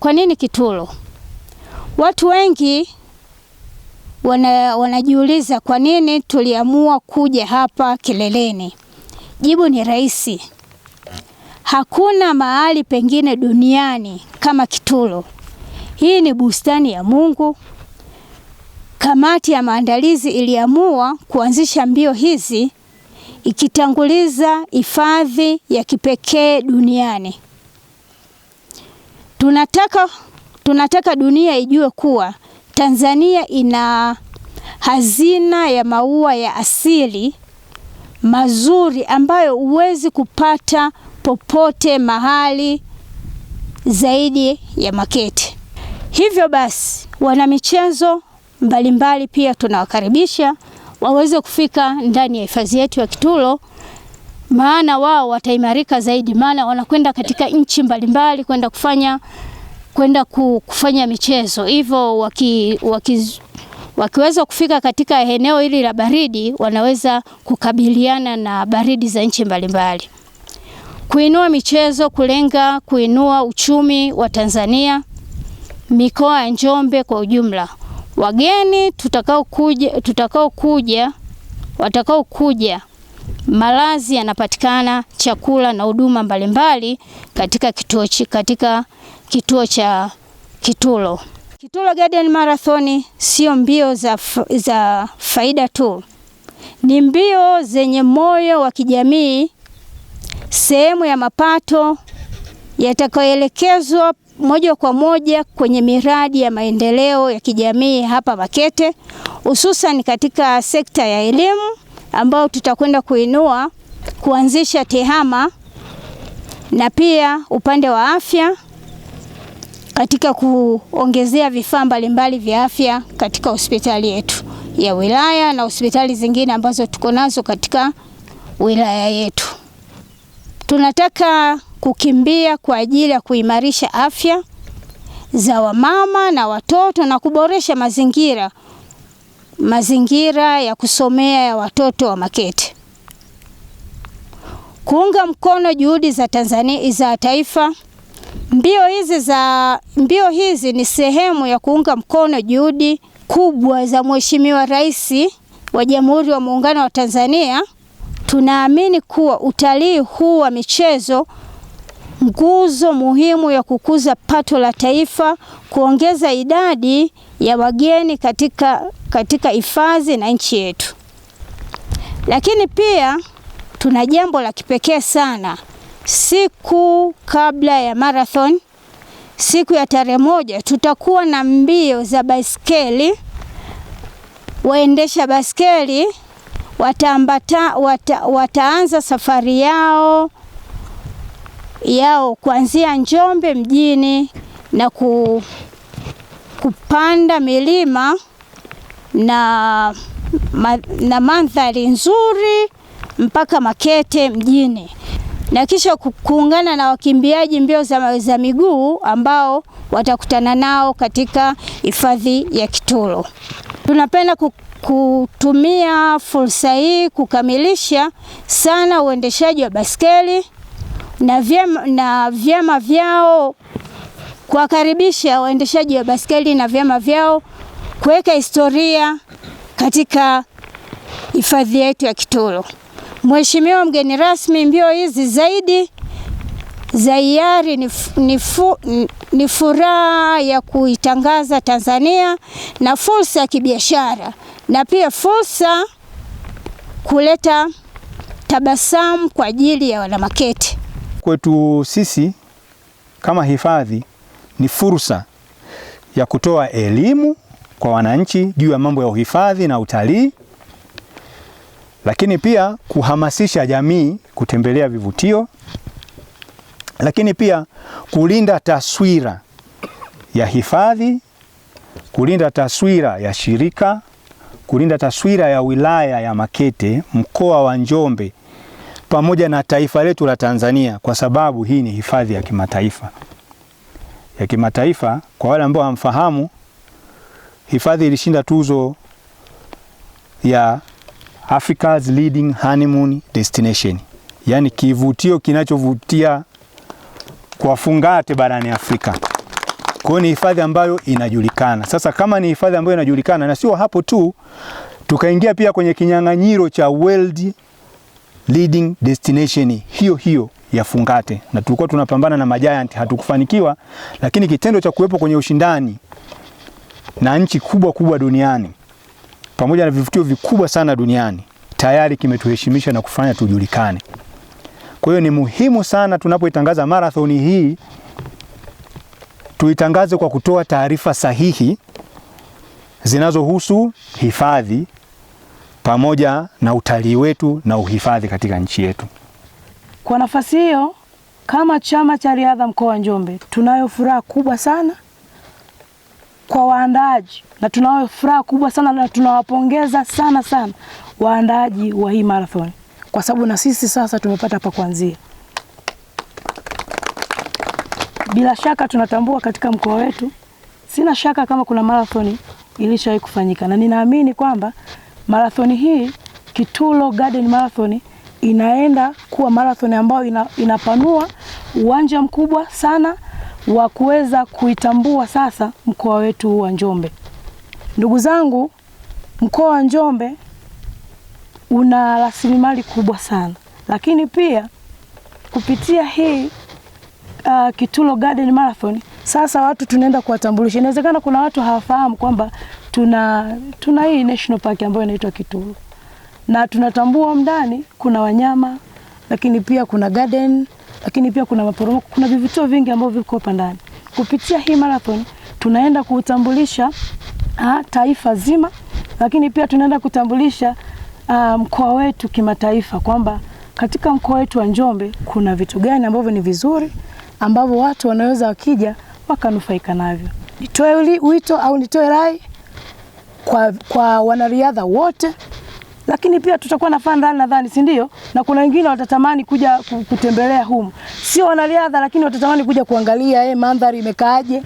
kwa nini Kitulo? Watu wengi wana, wanajiuliza kwa nini tuliamua kuja hapa Kileleni. Jibu ni rahisi. Hakuna mahali pengine duniani kama Kitulo. Hii ni bustani ya Mungu. Kamati ya maandalizi iliamua kuanzisha mbio hizi ikitanguliza hifadhi ya kipekee duniani. Tunataka, tunataka dunia ijue kuwa Tanzania ina hazina ya maua ya asili mazuri ambayo huwezi kupata popote mahali zaidi ya Makete. Hivyo basi, wana michezo mbalimbali pia tunawakaribisha waweze kufika ndani ya hifadhi yetu ya Kitulo maana wao wataimarika zaidi, maana wanakwenda katika nchi mbalimbali kwenda kufanya kwenda kufanya michezo. Hivyo waki, waki, wakiweza kufika katika eneo hili la baridi, wanaweza kukabiliana na baridi za nchi mbalimbali. Kuinua michezo kulenga kuinua uchumi wa Tanzania, mikoa ya Njombe kwa ujumla. Wageni tutakao kuja, tutakao kuja watakao kuja Malazi yanapatikana, chakula na huduma mbalimbali katika kituo, katika kituo cha Kitulo. Kitulo Garden Marathon sio mbio za, za faida tu, ni mbio zenye moyo wa kijamii, sehemu ya mapato yatakayoelekezwa moja kwa moja kwenye miradi ya maendeleo ya kijamii hapa Makete, hususan katika sekta ya elimu ambao tutakwenda kuinua kuanzisha TEHAMA na pia upande wa afya katika kuongezea vifaa mbalimbali vya afya katika hospitali yetu ya wilaya na hospitali zingine ambazo tuko nazo katika wilaya yetu. Tunataka kukimbia kwa ajili ya kuimarisha afya za wamama na watoto na kuboresha mazingira mazingira ya kusomea ya watoto wa Makete, kuunga mkono juhudi za Tanzania za taifa. Mbio hizi za mbio hizi ni sehemu ya kuunga mkono juhudi kubwa za Mheshimiwa Rais wa Jamhuri ya Muungano wa Tanzania. Tunaamini kuwa utalii huu wa michezo nguzo muhimu ya kukuza pato la taifa, kuongeza idadi ya wageni katika katika hifadhi na nchi yetu. Lakini pia tuna jambo la kipekee sana. Siku kabla ya marathon, siku ya tarehe moja, tutakuwa na mbio za baiskeli. Waendesha baiskeli wataambata wata, wataanza safari yao yao kuanzia Njombe mjini na ku, kupanda milima na, ma, na mandhari nzuri mpaka Makete mjini na kisha kuungana na wakimbiaji mbio za, za miguu ambao watakutana nao katika hifadhi ya Kitulo. Tunapenda kutumia fursa hii kukamilisha sana uendeshaji wa baskeli na vyama, na vyama vyao kuwakaribisha waendeshaji wa baskeli na vyama vyao kuweka historia katika hifadhi yetu ya Kitulo. Mheshimiwa mgeni rasmi, mbio hizi zaidi za hiari ni, ni, ni furaha ya kuitangaza Tanzania na fursa ya kibiashara na pia fursa kuleta tabasamu kwa ajili ya Wanamakete kwetu sisi kama hifadhi ni fursa ya kutoa elimu kwa wananchi juu ya mambo ya uhifadhi na utalii, lakini pia kuhamasisha jamii kutembelea vivutio, lakini pia kulinda taswira ya hifadhi, kulinda taswira ya shirika, kulinda taswira ya wilaya ya Makete, mkoa wa Njombe pamoja na taifa letu la Tanzania, kwa sababu hii ni hifadhi ya kimataifa ya kimataifa. Kwa wale ambao hamfahamu, hifadhi ilishinda tuzo ya Africa's leading honeymoon destination, yaani kivutio kinachovutia kwa fungate barani Afrika. Kwa hiyo ni hifadhi ambayo inajulikana. Sasa kama ni hifadhi ambayo inajulikana, na sio hapo tu, tukaingia pia kwenye kinyang'anyiro cha World leading destination hiyo hiyo ya Fungate, na tulikuwa tunapambana na majayanti hatukufanikiwa, lakini kitendo cha kuwepo kwenye ushindani na nchi kubwa kubwa duniani pamoja na vivutio vikubwa sana duniani tayari kimetuheshimisha na kufanya tujulikane. Kwa hiyo ni muhimu sana tunapoitangaza marathoni hii tuitangaze kwa kutoa taarifa sahihi zinazohusu hifadhi pamoja na utalii wetu na uhifadhi katika nchi yetu. Kwa nafasi hiyo, kama chama cha riadha mkoa wa Njombe, tunayo furaha kubwa sana kwa waandaaji na tunayo furaha kubwa sana na tunawapongeza sana sana waandaaji wa hii marathon, kwa sababu na sisi sasa tumepata pa kuanzia. Bila shaka tunatambua katika mkoa wetu, sina shaka kama kuna marathon ilishawahi kufanyika na ninaamini kwamba Marathoni hii Kitulo Garden Marathon inaenda kuwa marathoni ambayo ina, inapanua uwanja mkubwa sana wa kuweza kuitambua sasa mkoa wetu wa Njombe. Ndugu zangu, mkoa wa Njombe una rasilimali kubwa sana, lakini pia kupitia hii uh, Kitulo Garden Marathon sasa watu tunaenda kuwatambulisha. Inawezekana kuna watu hawafahamu kwamba tuna, tuna hii national park ambayo inaitwa Kitulu na tunatambua ndani kuna wanyama lakini pia kuna garden lakini pia kuna maporomoko, kuna vivutio vingi ambavyo viko hapa ndani. Kupitia hii marathon tunaenda kuutambulisha ah, taifa zima, lakini pia tunaenda kutambulisha ah, mkoa wetu kimataifa, kwamba katika mkoa wetu wa Njombe kuna vitu gani ambavyo ni vizuri ambavyo watu wanaweza wakija wakanufaika navyo. Nitoe wito au nitoe rai kwa, kwa wanariadha wote, lakini pia tutakuwa na fan run nadhani, si ndio? Na kuna wengine watatamani kuja kutembelea humu, sio wanariadha, lakini watatamani kuja kuangalia eh, mandhari imekaaje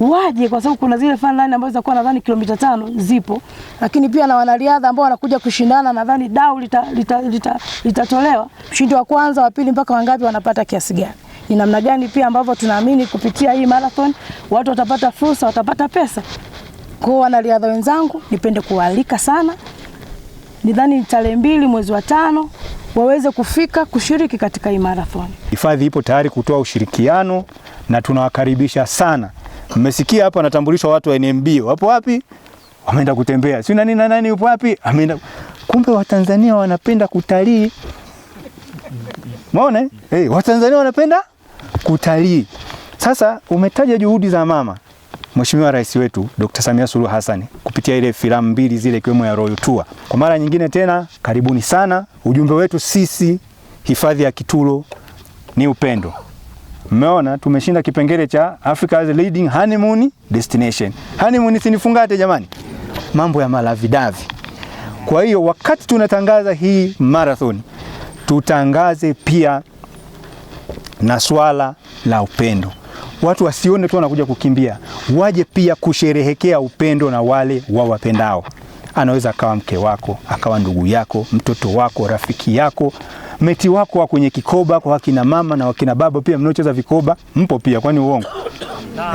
waje kwa sababu kuna zile fan line ambazo zitakuwa nadhani kilomita tano zipo, lakini pia na wanariadha ambao wanakuja kushindana, nadhani dau litatolewa lita, lita, lita mshindi wa kwanza wa pili mpaka wangapi wanapata kiasi gani, ni namna gani pia ambavyo tunaamini kupitia hii marathon watu watapata fursa, watapata pesa. Kwa wanariadha wenzangu, nipende kuwaalika sana, nidhani tarehe mbili mwezi wa tano waweze kufika kushiriki katika hii marathoni. Hifadhi ipo tayari kutoa ushirikiano na tunawakaribisha sana. Mmesikia hapa wanatambulishwa watu wa NMB wapo wapi? Wameenda kutembea, si nani na nani yupo wapi? Ameenda. Kumbe Watanzania wanapenda kutalii, Eh, hey, eh, Watanzania wanapenda kutalii. Sasa umetaja juhudi za mama Mheshimiwa Rais wetu Dr. Samia Suluhu Hassan kupitia ile filamu mbili zile ikiwemo ya Royal Tour. Kwa mara nyingine tena karibuni sana. Ujumbe wetu sisi hifadhi ya Kitulo ni upendo. Mmeona tumeshinda kipengele cha Africa's leading honeymoon destination. Honeymoon sinifungate jamani, mambo ya malavidavi. Kwa hiyo wakati tunatangaza hii marathon tutangaze pia na swala la upendo watu wasione tu wanakuja kukimbia, waje pia kusherehekea upendo na wale wawapendao. Anaweza akawa mke wako, akawa ndugu yako, mtoto wako, rafiki yako, meti wako wa kwenye kikoba. Kwa wakina mama na wakina baba pia mnaocheza vikoba mpo pia, kwani uongo?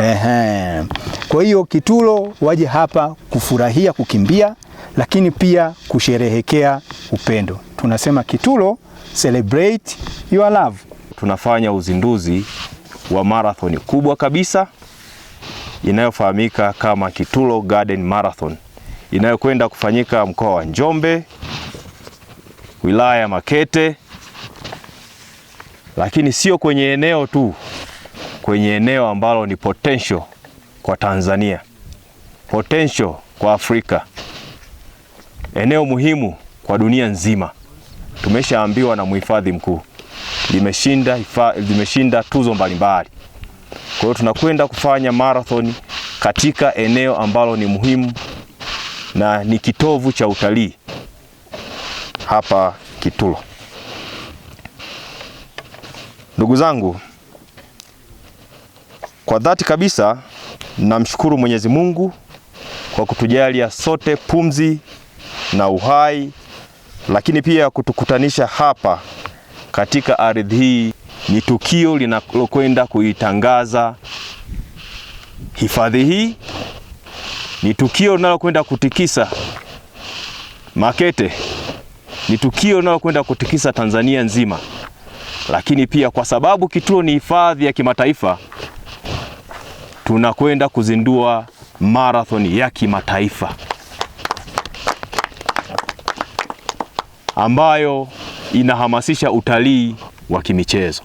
Ehe. Kwa hiyo Kitulo waje hapa kufurahia kukimbia, lakini pia kusherehekea upendo. Tunasema Kitulo celebrate your love. Tunafanya uzinduzi wa marathoni kubwa kabisa inayofahamika kama Kitulo Garden Marathon inayokwenda kufanyika mkoa wa Njombe, wilaya ya Makete, lakini sio kwenye eneo tu, kwenye eneo ambalo ni potential kwa Tanzania, potential kwa Afrika, eneo muhimu kwa dunia nzima. Tumeshaambiwa na mhifadhi mkuu limeshinda, limeshinda tuzo mbalimbali. Kwa hiyo tunakwenda kufanya marathon katika eneo ambalo ni muhimu na ni kitovu cha utalii hapa Kitulo. Ndugu zangu, kwa dhati kabisa namshukuru Mwenyezi Mungu kwa kutujalia sote pumzi na uhai, lakini pia kutukutanisha hapa katika ardhi hii ni tukio linalokwenda kuitangaza hifadhi hii, ni tukio linalokwenda kutikisa Makete, ni tukio linalokwenda kutikisa Tanzania nzima. Lakini pia kwa sababu kituo ni hifadhi ya kimataifa, tunakwenda kuzindua marathoni ya kimataifa ambayo inahamasisha utalii wa kimichezo.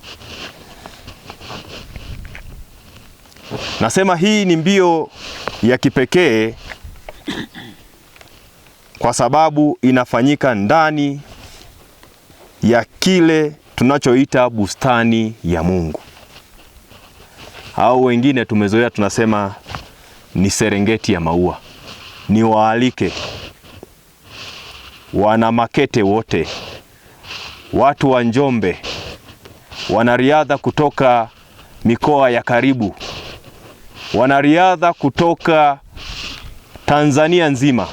Nasema hii ni mbio ya kipekee kwa sababu inafanyika ndani ya kile tunachoita bustani ya Mungu au wengine tumezoea tunasema ni Serengeti ya maua. Ni waalike wana Makete wote watu wa Njombe, wanariadha kutoka mikoa ya karibu, wanariadha kutoka Tanzania nzima,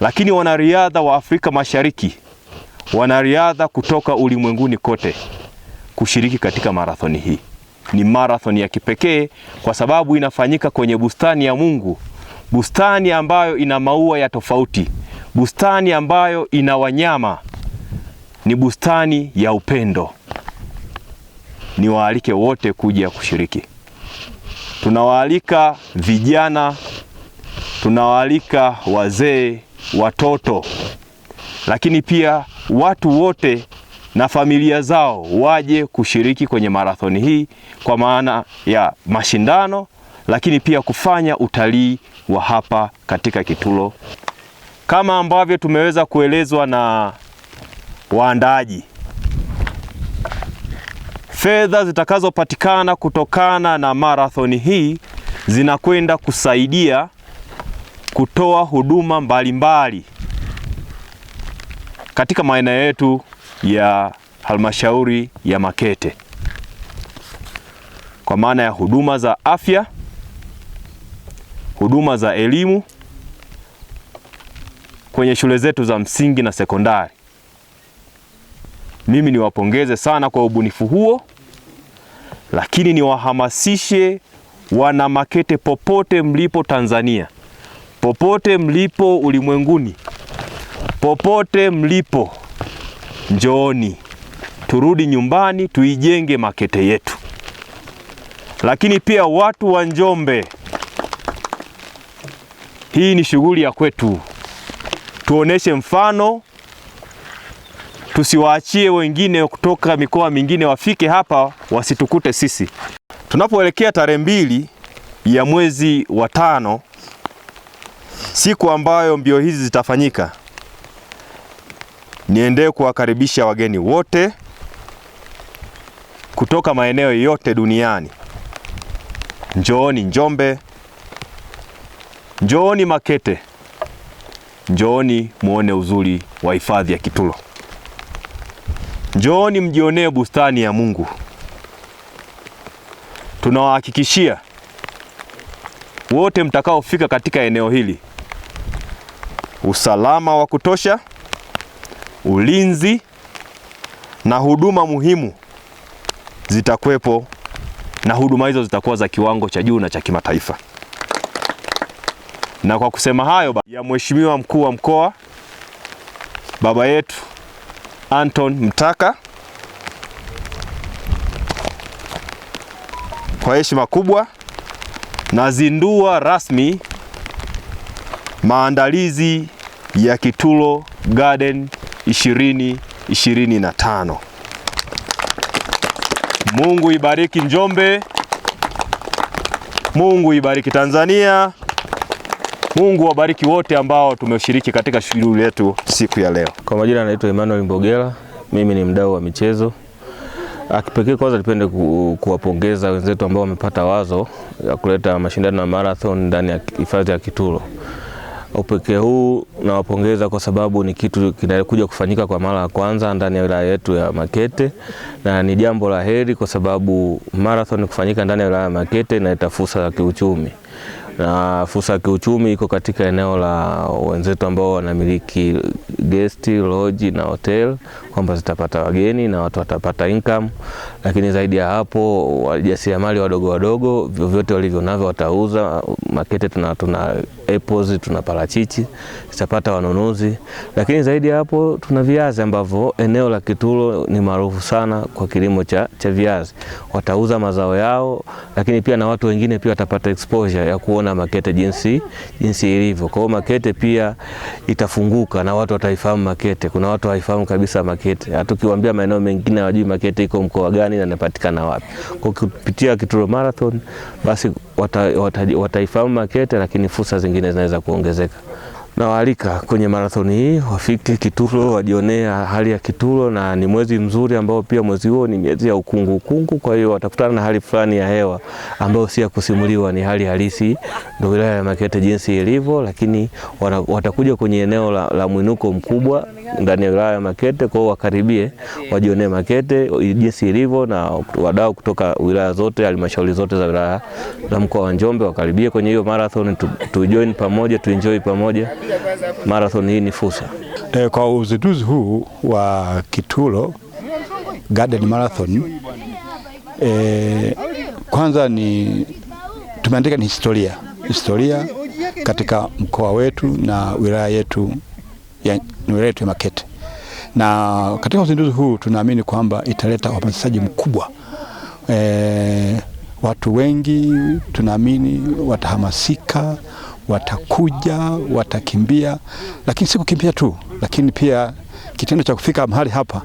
lakini wanariadha wa Afrika Mashariki, wanariadha kutoka ulimwenguni kote kushiriki katika marathoni hii. Ni marathoni ya kipekee kwa sababu inafanyika kwenye bustani ya Mungu, bustani ambayo ina maua ya tofauti, bustani ambayo ina wanyama ni bustani ya upendo. Niwaalike wote kuja kushiriki. Tunawaalika vijana, tunawaalika wazee, watoto, lakini pia watu wote na familia zao waje kushiriki kwenye marathoni hii kwa maana ya mashindano, lakini pia kufanya utalii wa hapa katika Kitulo kama ambavyo tumeweza kuelezwa na waandaaji, fedha zitakazopatikana kutokana na marathoni hii zinakwenda kusaidia kutoa huduma mbalimbali katika maeneo yetu ya halmashauri ya Makete kwa maana ya huduma za afya, huduma za elimu kwenye shule zetu za msingi na sekondari. Mimi niwapongeze sana kwa ubunifu huo, lakini niwahamasishe wana Makete popote mlipo Tanzania, popote mlipo ulimwenguni, popote mlipo, njooni turudi nyumbani tuijenge Makete yetu. Lakini pia watu wa Njombe, hii ni shughuli ya kwetu, tuoneshe mfano tusiwaachie wengine kutoka mikoa mingine wafike hapa wasitukute sisi. Tunapoelekea tarehe mbili ya mwezi wa tano, siku ambayo mbio hizi zitafanyika, niendee kuwakaribisha wageni wote kutoka maeneo yote duniani. Njooni Njombe, njooni Makete, njooni muone uzuri wa hifadhi ya Kitulo. Njooni mjionee bustani ya Mungu. Tunawahakikishia wote mtakaofika katika eneo hili, usalama wa kutosha, ulinzi na huduma muhimu zitakuwepo, na huduma hizo zitakuwa za kiwango cha juu na cha kimataifa. Na kwa kusema hayo ya Mheshimiwa Mkuu wa Mkoa, baba yetu Anton Mtaka kwa heshima kubwa nazindua rasmi maandalizi ya Kitulo Garden 2025. Mungu ibariki Njombe. Mungu ibariki Tanzania. Mungu wabariki wote ambao tumeshiriki katika shughuli yetu siku ya leo. Kwa majina anaitwa Emmanuel Mbogela, mimi ni mdau wa michezo. Akipekee ah, kwanza nipende kuwapongeza wenzetu ambao wamepata wazo ya kuleta mashindano ya marathon ndani ya hifadhi ya Kitulo. Upekee huu nawapongeza kwa sababu ni kitu kinakuja kufanyika kwa mara ya kwanza ndani ya wilaya yetu ya Makete, na ni jambo la heri kwa sababu marathon kufanyika ndani ya wilaya ya Makete inaleta fursa za kiuchumi na fursa ya kiuchumi iko katika eneo la wenzetu ambao wanamiliki gesti, loji na hotel kwamba zitapata wageni na watu watapata income, lakini zaidi ya hapo wajasiriamali wadogo wadogo vyovyote walivyo navyo watauza. Makete tuna, tuna apples, tuna parachichi zitapata wanunuzi, lakini zaidi ya hapo tuna viazi ambavyo eneo la Kitulo ni maarufu sana kwa kilimo cha, cha viazi, watauza mazao yao, lakini pia na watu wengine pia watapata exposure ya kuona Makete jinsi, jinsi ilivyo. Kwa hiyo Makete pia itafunguka na watu wataifahamu Makete. Kuna watu hawaifahamu kabisa Makete. Makete. Hatukiwaambia maeneo mengine hawajui Makete iko mkoa gani na inapatikana wapi. Kwa kupitia Kituro Marathon basi wataifahamu wata, wata Makete, lakini fursa zingine zinaweza kuongezeka. Nawaalika kwenye marathoni hii wafike Kitulo wajionea hali ya Kitulo, na ni mwezi mzuri ambao pia mwezi huo ni miezi ya ukungu ukungu, kwa hiyo watakutana na hali fulani ya hewa ambayo si ya kusimuliwa, ni hali halisi, ndio wilaya ya Makete jinsi ilivyo, lakini watakuja kwenye eneo la, la mwinuko mkubwa ndani ya wilaya ya Makete. Kwao wakaribie wajionee Makete jinsi ilivyo, na wadau kutoka wilaya zote, halmashauri zote za wilaya za mkoa wa Njombe wakaribie kwenye hiyo marathon, tu, tu join pamoja, enjoy pamoja. Marathon hii ni fursa e, kwa uzinduzi huu wa Kitulo Garden Marathon e, kwanza ni tumeandika ni historia historia katika mkoa wetu na wilaya yetu ya wilaya ya Makete, na katika uzinduzi huu tunaamini kwamba italeta uhamasishaji mkubwa e, watu wengi tunaamini watahamasika, watakuja, watakimbia, lakini si kukimbia tu, lakini pia kitendo cha kufika mahali hapa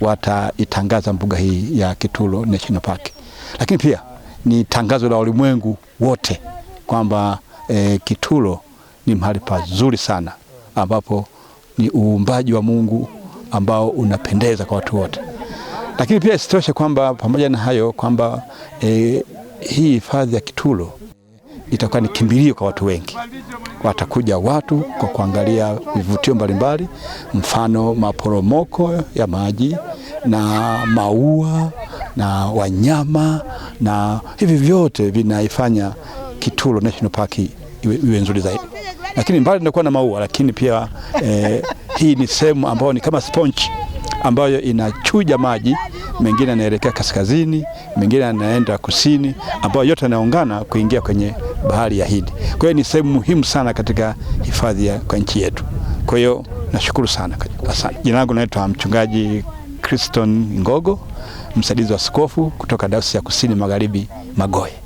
wataitangaza mbuga hii ya Kitulo National Park, lakini pia ni tangazo la ulimwengu wote kwamba e, eh, Kitulo ni mahali pazuri sana ambapo ni uumbaji wa Mungu ambao unapendeza kwa watu wote. Lakini pia isitoshe kwamba pamoja na hayo kwamba e, hii hifadhi ya Kitulo e, itakuwa ni kimbilio kwa watu wengi. Watakuja watu kwa kuangalia vivutio mbalimbali, mfano maporomoko ya maji na maua na wanyama, na hivi vyote vinaifanya Kitulo National Park iwe, iwe nzuri zaidi. Lakini mbali tunakuwa na maua, lakini pia eh, hii ni sehemu ambayo ni kama sponge ambayo inachuja maji, mengine yanaelekea kaskazini, mengine yanaenda kusini, ambayo yote yanaungana kuingia kwenye bahari ya Hindi. Kwa hiyo ni sehemu muhimu sana katika hifadhi kwa nchi yetu. Kwa hiyo nashukuru sana, asante. Jina langu naitwa Mchungaji Kriston Ngogo, msaidizi wa askofu kutoka Dayosisi ya Kusini Magharibi Magoe.